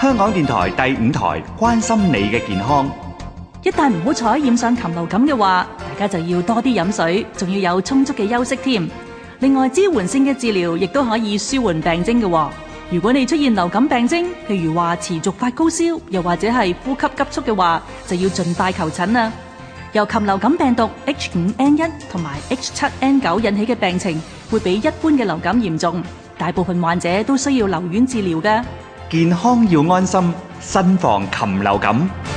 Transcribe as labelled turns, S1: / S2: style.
S1: 香港電台第五台關心你嘅健康。
S2: 一旦唔好彩染上禽流感嘅話，大家就要多啲飲水，仲要有充足嘅休息添。另外，支援性嘅治療亦都可以舒緩病徵嘅。如果你出現流感病徵，譬如話持續發高燒，又或者係呼吸急促嘅話，就要盡快求診啦。由禽流感病毒 H5N1 同埋 H7N9 引起嘅病情，會比一般嘅流感嚴重，大部分患者都需要留院治療嘅。
S3: 健
S4: 康要安心，慎防禽流感。